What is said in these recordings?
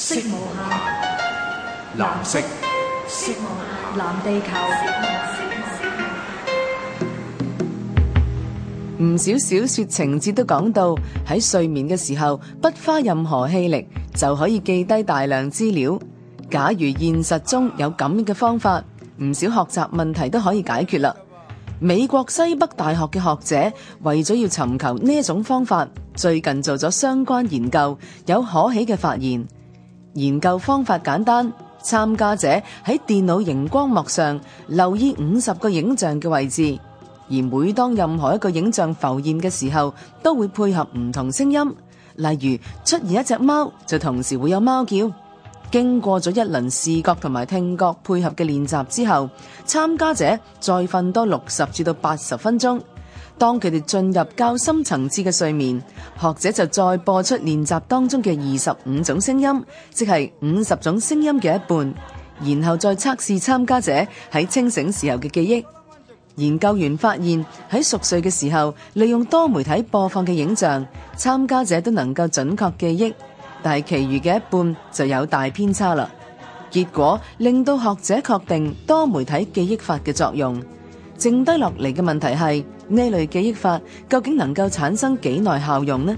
色無限，藍色，色無限，藍地球。唔少小說情節都講到喺睡眠嘅時候，不花任何氣力就可以記低大量資料。假如現實中有咁樣嘅方法，唔少學習問題都可以解決啦。美國西北大學嘅學者為咗要尋求呢一種方法，最近做咗相關研究，有可喜嘅發現。研究方法簡單，參加者喺電腦熒光幕上留意五十個影像嘅位置，而每當任何一個影像浮現嘅時候，都會配合唔同聲音，例如出現一隻貓就同時會有貓叫。經過咗一輪視覺同埋聽覺配合嘅練習之後，參加者再瞓多六十至到八十分鐘。當佢哋進入較深層次嘅睡眠，學者就再播出練習當中嘅二十五種聲音，即係五十種聲音嘅一半，然後再測試參加者喺清醒時候嘅記憶。研究員發現，喺熟睡嘅時候，利用多媒體播放嘅影像，參加者都能夠準確記憶，但係其餘嘅一半就有大偏差啦。結果令到學者確定多媒體記憶法嘅作用。剩低落嚟嘅問題係呢類記憶法究竟能夠產生幾耐效用呢？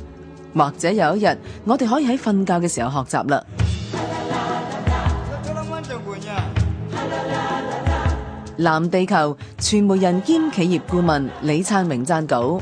或者有一日我哋可以喺瞓覺嘅時候學習啦。藍地球，傳媒人兼企業顧問李燦榮撰稿。